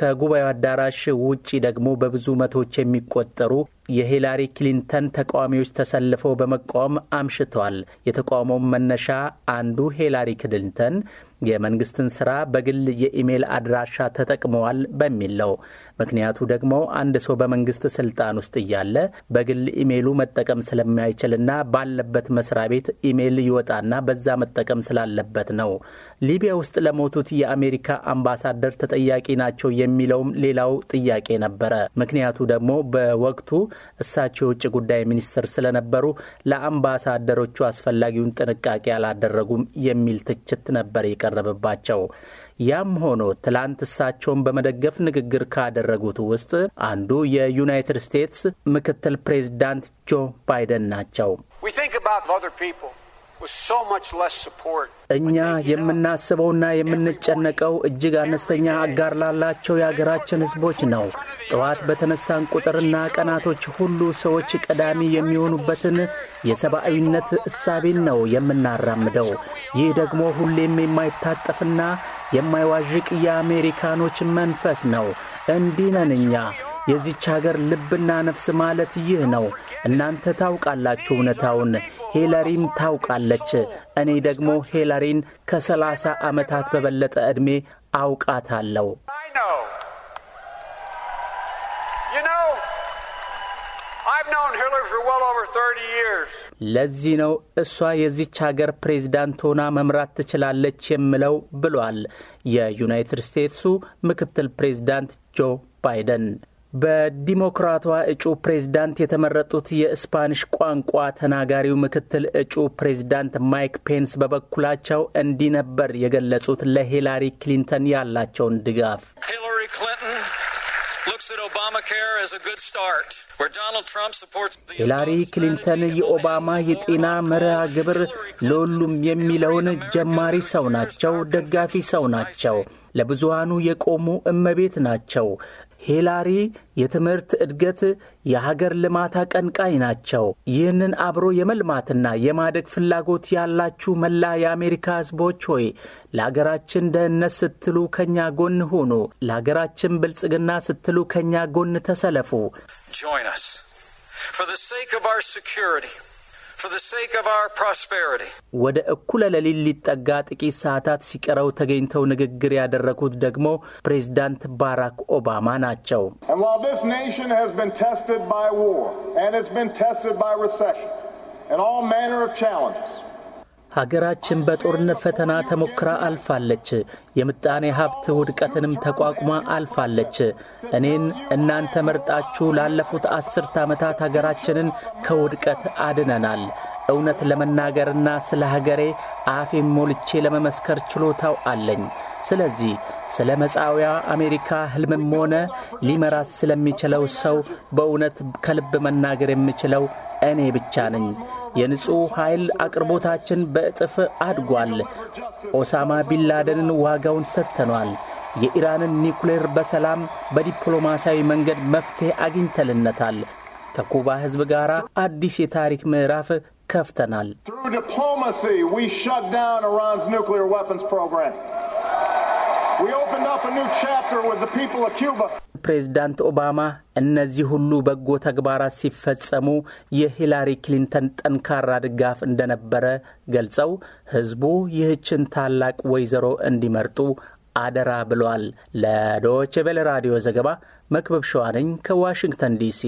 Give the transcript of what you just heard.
ከጉባኤው አዳራሽ ውጪ ደግሞ በብዙ መቶዎች የሚቆጠሩ የሂላሪ ክሊንተን ተቃዋሚዎች ተሰልፈው በመቃወም አምሽተዋል። የተቃውሞውን መነሻ አንዱ ሂላሪ ክሊንተን የመንግስትን ስራ በግል የኢሜል አድራሻ ተጠቅመዋል በሚል ነው። ምክንያቱ ደግሞ አንድ ሰው በመንግስት ስልጣን ውስጥ እያለ በግል ኢሜሉ መጠቀም ስለማይችልና ባለበት መስሪያ ቤት ኢሜል ይወጣና በዛ መጠቀም ስላለበት ነው። ሊቢያ ውስጥ ለሞቱት የአሜሪካ አምባሳደር ተጠያቂ ናቸው የሚለውም ሌላው ጥያቄ ነበረ። ምክንያቱ ደግሞ በወቅቱ እሳቸው የውጭ ጉዳይ ሚኒስትር ስለነበሩ ለአምባሳደሮቹ አስፈላጊውን ጥንቃቄ አላደረጉም የሚል ትችት ነበር ይቀር ቀረበባቸው። ያም ሆኖ ትላንት እሳቸውን በመደገፍ ንግግር ካደረጉት ውስጥ አንዱ የዩናይትድ ስቴትስ ምክትል ፕሬዚዳንት ጆ ባይደን ናቸው። እኛ የምናስበውና የምንጨነቀው እጅግ አነስተኛ አጋር ላላቸው የአገራችን ሕዝቦች ነው። ጠዋት በተነሳን ቁጥርና ቀናቶች ሁሉ ሰዎች ቀዳሚ የሚሆኑበትን የሰብአዊነት እሳቤን ነው የምናራምደው። ይህ ደግሞ ሁሌም የማይታጠፍና የማይዋዥቅ የአሜሪካኖች መንፈስ ነው። እንዲህ ነን እኛ። የዚች ሀገር ልብና ነፍስ ማለት ይህ ነው። እናንተ ታውቃላችሁ እውነታውን፣ ሄለሪም ታውቃለች። እኔ ደግሞ ሄለሪን ከሰላሳ ዓመታት በበለጠ ዕድሜ አውቃታለሁ። ለዚህ ነው እሷ የዚች ሀገር ፕሬዝዳንት ሆና መምራት ትችላለች የምለው ብሏል የዩናይትድ ስቴትሱ ምክትል ፕሬዝዳንት ጆ ባይደን። በዲሞክራቷ እጩ ፕሬዝዳንት የተመረጡት የስፓኒሽ ቋንቋ ተናጋሪው ምክትል እጩ ፕሬዝዳንት ማይክ ፔንስ በበኩላቸው እንዲህ ነበር የገለጹት ለሂላሪ ክሊንተን ያላቸውን ድጋፍ። ሂላሪ ክሊንተን የኦባማ የጤና መርሃ ግብር ለሁሉም የሚለውን ጀማሪ ሰው ናቸው፣ ደጋፊ ሰው ናቸው፣ ለብዙሃኑ የቆሙ እመቤት ናቸው። ሂላሪ የትምህርት እድገት የሀገር ልማት አቀንቃኝ ናቸው። ይህንን አብሮ የመልማትና የማደግ ፍላጎት ያላችሁ መላ የአሜሪካ ሕዝቦች ሆይ ለሀገራችን ደህንነት ስትሉ ከኛ ጎን ሁኑ። ለሀገራችን ብልጽግና ስትሉ ከኛ ጎን ተሰለፉ። ወደ እኩለ ሌሊት ሊጠጋ ጥቂት ሰዓታት ሲቀረው ተገኝተው ንግግር ያደረጉት ደግሞ ፕሬዚዳንት ባራክ ኦባማ ናቸው። And all manner of challenges. ሀገራችን በጦርነት ፈተና ተሞክራ አልፋለች። የምጣኔ ሀብት ውድቀትንም ተቋቁማ አልፋለች። እኔን እናንተ መርጣችሁ ላለፉት አስርት ዓመታት ሀገራችንን ከውድቀት አድነናል። እውነት ለመናገርና ስለ ሀገሬ አፌን ሞልቼ ለመመስከር ችሎታው አለኝ። ስለዚህ ስለ መጻውያ አሜሪካ ሕልምም ሆነ ሊመራት ስለሚችለው ሰው በእውነት ከልብ መናገር የምችለው እኔ ብቻ ነኝ። የንጹሕ ኃይል አቅርቦታችን በእጥፍ አድጓል። ኦሳማ ቢንላደንን ዋጋውን ሰጥተኗል። የኢራንን ኒውክሌር በሰላም በዲፕሎማሲያዊ መንገድ መፍትሔ አግኝተልነታል። ከኩባ ሕዝብ ጋር አዲስ የታሪክ ምዕራፍ ከፍተናል። ፕሬዝዳንት ኦባማ እነዚህ ሁሉ በጎ ተግባራት ሲፈጸሙ የሂላሪ ክሊንተን ጠንካራ ድጋፍ እንደነበረ ገልጸው ሕዝቡ ይህችን ታላቅ ወይዘሮ እንዲመርጡ አደራ ብሏል ለዶቼ ራዲዮ ዘገባ መክበብ ሸዋነኝ ከዋሽንግተን ዲሲ